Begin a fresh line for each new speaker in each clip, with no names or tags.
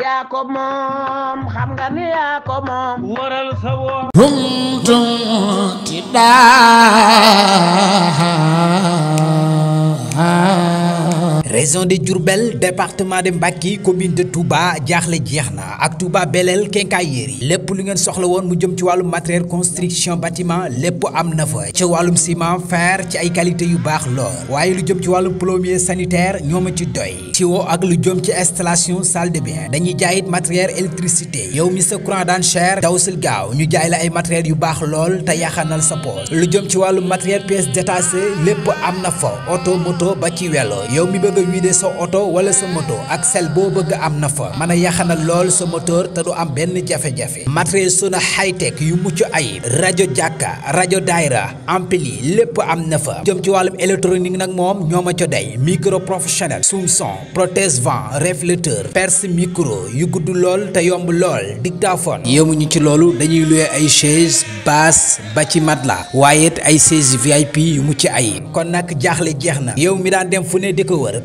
yaa ko moom xam nga ni yaa ko moom waral sa woon. dum dum ti daa.
Raison de Djourbel, département de Mbacké commune de Touba jaaxle jeex ak Touba Belel Quincaillerie Lepp lu ngeen soxla woon mu jëm ci walum matériel construction bâtiment lepp am na fa ci walum ciment fer ci ay qualité yu bax lool Waye lu jëm ci walum plombier sanitaire ñoma ci doy wo ak lu jëm ci installation salle de bain dañuy jaayit matériel électricité yow mi sa courant daan cher daw sil gaaw ñu jaay la ay matériel yu bax lool ta yaxanal sa poche lu jëm ci walum matériel pièces détachées lepp am na fa Auto, moto ba ci welo yow mi bëgg vidé sa oto wala sa moto ak sel boo bëgg am na fa mën a yaxanal lool sa moteur te du am benn jafe-jafe matériel sona high-tech yu mucc ayib rajo jàkka rajo daayra ampli lépp am na fa jëm ci wàllum électronique nag moom ñoo ma co day micro professionnel sumson protège vent réflecteur perce micro yu gudd lool te yomb lool dictaphone yémuñu ci loolu dañuy luwee ay chaise basse ba ci mat la waaye it ay chaise VIP yu mucc ayib kon nag jaaxle jeex na yow mi daan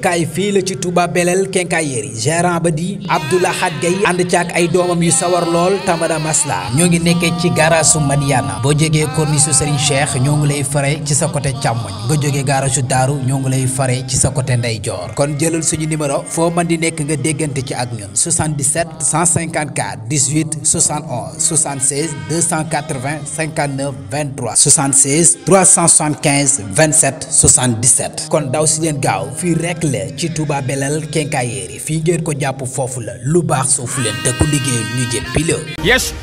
wàccukaay fii la ci Touba Belel Quincaillerie gérant ba di Abdoulaye Hadj Gaye ànd caak ay doomam yu sawar lool tamada masla ñoo ngi nekkee ci garage su Madiana boo jógee corniche Serigne Cheikh ñoo ngi lay fare ci sa côté càmmoñ nga jógee garage su Daaru ñoo ngi lay fare ci sa côté ndeyjoor kon jëlal suñu numéro foo man di nekk nga déggante ci ak ñun 77 154 18 71 76 280 59 23 76 375 27 77 kon daw si leen gaaw fii rek la le ci Touba belal kenkaayéer fi ngeen ko japp fofu la lu bax suuf len te ku liggey ñu jëppi la.
yes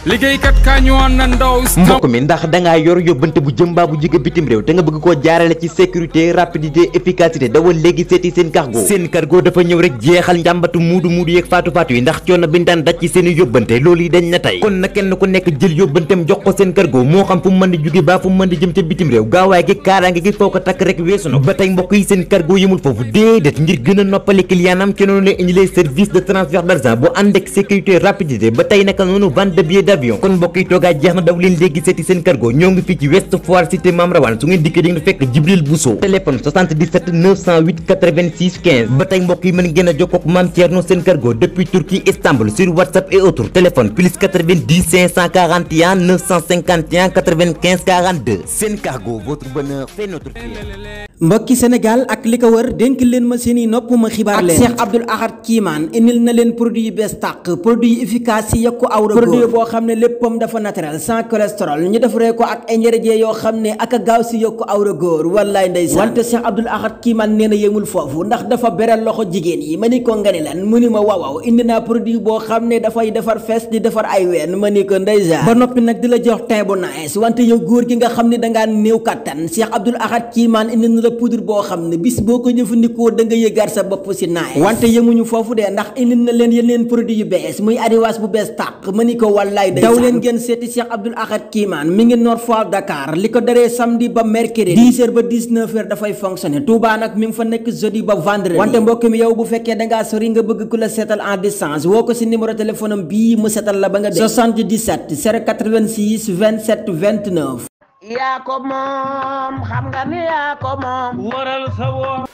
ka ñu ñëwoon na ndaw. mbokk mi ndax da nga yor yobante bu jëmba bu jige bitim rew te nga bëgg ko jaarale ci sécurité rapidité efficacité dawal léegi seeti seen cargo. seen cargo dafa ñew rek jéxal njambatu mudu mudu yek fatu fatu yi ndax coono bi ñu daan ci seen yobante loolu yi dañ na tay kon na kenn ku nekk jël yobantem jox ko seen cargo mo xam fu mu mën di jóge baa fu mu mën di jëm ci bitim réew gaawaay gi kaaraange gi foko tak rek weesu no ba mbokk yi seen cargo yëmul fofu dedet ngir gëna noppalé clientam ci noonu lay indilee service de transfert d'argent bu ànd ak sécurité rapidité ba tey naka noonu vente de billets d'avion kon mbokk yi toogaa jeex na daw leen léegi séti sen cargo ñoo ngi fii ci West Foire cité Mam Rawane su ngeen dikkee di ngeen fekk Jibril Bousso téléphone 77 908 86 15 ba tey mbokk yi mën gëna jokk ak mam Thierno sen cargo depuis Turquie Istanbul sur WhatsApp et autres téléphone plus 90 541 951
95 42 sen cargo votre bonheur fait notre prière mbokki Senegal ak li wër denk leen ma seeni nopp ma xibaar leen cheikh abdul ahad kiman enil na leen produit yu bees produit efficace yi yokku awra produit bo xamne leppam dafa naturel sans cholestérol ñu defaree ko ak ay yo xamne ak gaaw si yokku awra góor wallaay ndeysaan wante cheikh abdul ahad kiman neena yemul fofu ndax dafa beral loxo jigen yi ma ko lan mu ni ma waaw indi naa produit bo xamne ne fay defar fess di defar ay ween ma ni ko ndeysaan ba nopi nak dila jox tay bu nice wante yow goor gi nga xamne da nga new katan cheikh abdul ahad kiman enil la poudre boo xam ne bis boo ko jëfandikoo da nga yëgaat sa bopp si naay wante yemuñu foofu dee ndax indil na leen yeneen produit yu bees muy adiwaas bu bees tàq ma ni ko wallaay daw leen ngeen seeti Cheikh Abdoul Ahad Kiimaan mi ngi Nord Foire Dakar li ko daree samedi ba mercredi 10 heures ba 19 heures dafay fonctionner Touba nag mi ngi fa nekk jeudi ba vendredi wante mbokk mi yow bu fekkee dangaa sori nga bëgg ku la seetal en distance woo ko si numéro téléphone am bii la ba nga dee 77 086 27 29 yaa ko moom xam nga ni yaa ko moom waral sa woor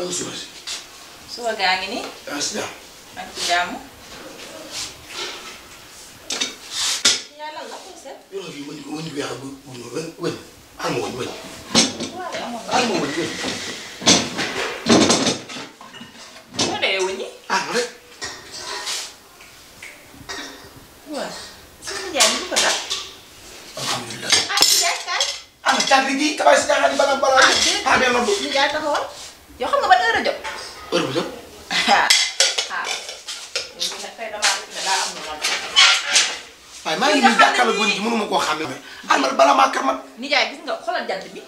waaw yow suba gaa ngi nii. yaa ngi si jàmm. maa ngi si jàmm. la ko seet. yoroo fi wëñ wëñ bu yàgg bu bu wëñ. amoo wëñ wëñ. waaw amoo
maa ngi nii jàkkaarloo góor gi mënuma koo xàmme. almal bala maa kar man.
nijaay gis nga xoolal jant bi.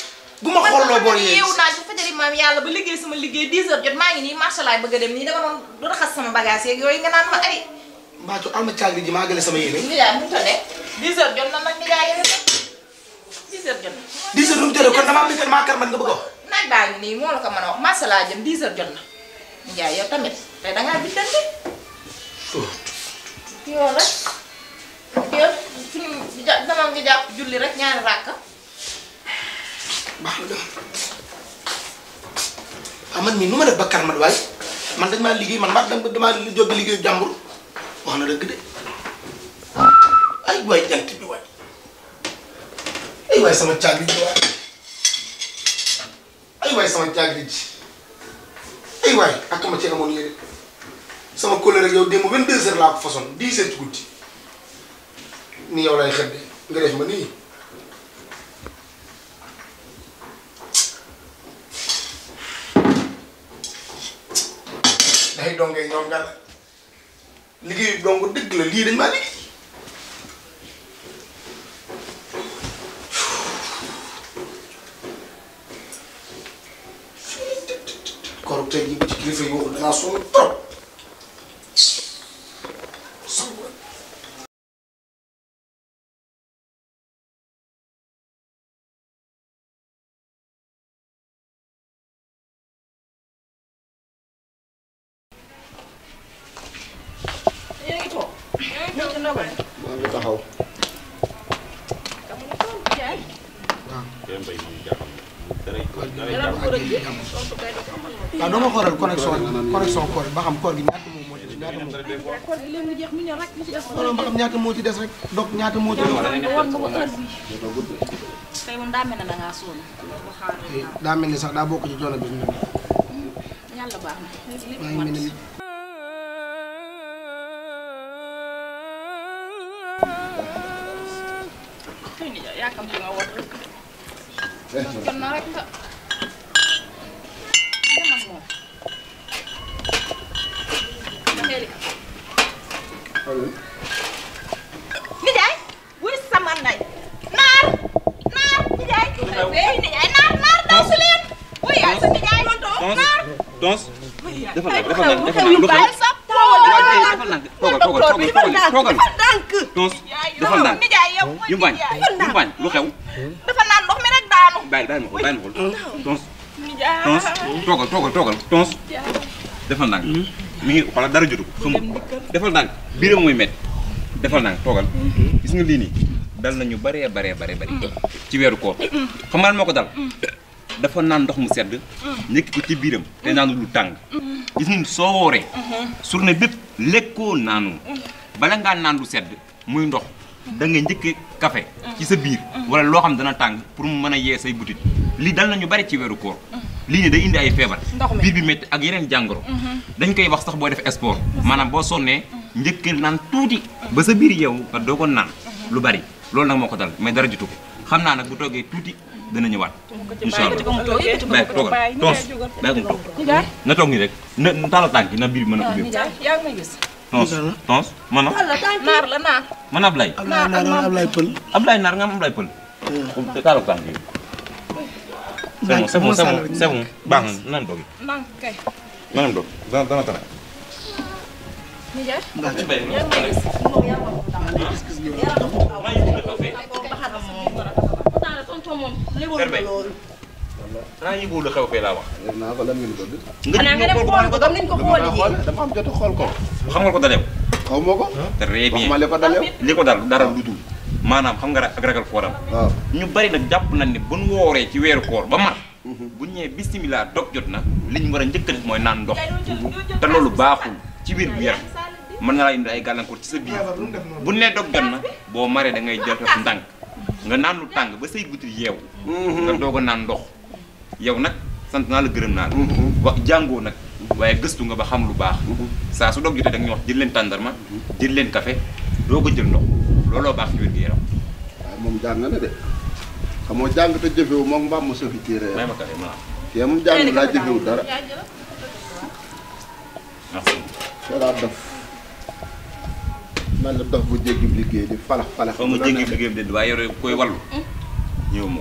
bu ma xooloo boo yee yeewu
naa ci fajari maam yàlla ba liggéey sama liggéey 10 heures jot maa ngi nii marché laay a dem nii dama doon du sama bagage yooyu nga naan ma ay.
Mbathio maa gën sama yéene.
nijaay mu ngi tollee 10 heures jot a man nga bëgg a wax. naaj baa nii moo ko mën a wax marché laa jëm 10 heures jot na nijaay yow tamit te dangaa bindante. yow rek demal nga jàpp julli rek ñaari ràkk
baax na def ah, ma def ba karmat waaye man dañ maa liggéey man maa dama damaa jóge liggéeyu jàmbur wax na dëgg de ay waay jant bi waay ay waay sama caag bi waay ay bi ay waay ak ma ci amoon yére sama collègue yow démb 22h laa ko façon 10h ci ni yow lay xedde nga def ma nii day dongee ñoom nga la dong dëgg la lii dañ maa liggéey
korog tey ci kilifa yi sonn trop
maa
ngi taxaw. waaw
a ma xoolal connexion
connexion koor ba xam koor gi ñaata moom moo ci des ñaata
moom. ba ñaata moo ci
des rek moo ci des.
tey moom daa mel ne da ngaa sonn. Eh,
daa mel ni sax daa bokk ci joona bi.
yàlla baax na. rakamsinga wotu conna rek demak moom daxeeli nijaay wuri sama nay naar naar nijaay wey
nijaay naar
naar daw su leen wuy yaay sa nijaay londo naar donc defal nak defal nak defal nak lu xew defal nak toogal toogal toogal toogal toogal donc defal nak nijaay yow ñu bañ ñu bañ bàyyi ma xool bàyyi ma xool. tons tons toogal defal ndànk hmm? ko xamul defal ndànk biiram mooy métti defal ndànk toogal hmm. gis nga lii nii dal nañu baree bare baree bari hmm. ci weeru koor xam nga moo ko dal dafa naan ndox mu sedd nekk ko ci biiram te naanu lu tàng gis nga soo wooree journée bépp lekkoo naanu bala ngaa naan lu sedd muy ndox da ngay njëkkee café ci sa biir wala lo xam dana tang pour mu mën yé say butit li dal nañu bari ci wéru koor li ni day indi ay fièvre biir bi met ak yeneen jangoro mhm. dañ koy wax sax boo def sport manam bo sonné njëkkal nan touti ba sa biir yow nga do ko nan lu bari lool nak moko dal may dara jutu ko xam naa bu toogee touti dana ñëwaat inshallah allah bàyyi toogal toos bàyyi ko mu na toog nii rek na tàllal tànk na biir bi mën a
ubbeeku gis
tons tons mana
naar la naar
man Ablaye naar naar Ablaye Pël Ablaye naar nga am Ablaye Pël taalo ko tànk yi
c'est bon c'est bon
c'est xanaa yëgul lu xew fee laa wax. yëg naa ko lan ngeen bëgg. dem xool ko comme niñ ko xool yi dama ko. xaw ma ko. très bien waxuma li ko dalew. dal dara lu dul maanaam xam nga ak ragal fooram. ñu bari nag jàpp nañ ne bu nu wooree ci weeru koor ba mat. Mhm. bu ñu ñëwee bisimilah dog jot na li ñu war a njëkk a mooy naan ndox. te loolu baaxul ci biir bu yaram mën na indi ay gàllankoor ci sa biir bu ne dog jot na boo maree dangay ngay jël ndànk nga naan lu tàng ba say guti yeew mhm. nga doog a naan ndox yow nag sant naa la gërëm naa la. jàngoo nag. waaye gëstu nga ba xam lu baax. saa su doog jotee da nga ñu wax jël leen tàndarma. jël leen café doo ko jël ndox looloo baax ci wér gi yaram. waaw moom jàng na de xamoo jàng soo jàng laa jëfewu dara. merci. dof man la dof bu jéggib liggéey di falax falax. xaw ma jéggib liggéey bi waaye yore koy wallu hmm? ñëw ma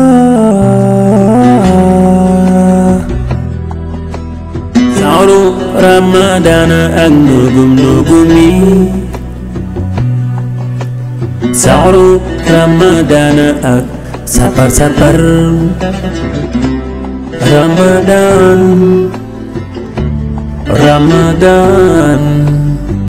shahru ramadana ak nugum nugumi shahru ramadana ak sabar-sabar Ramadan Ramadan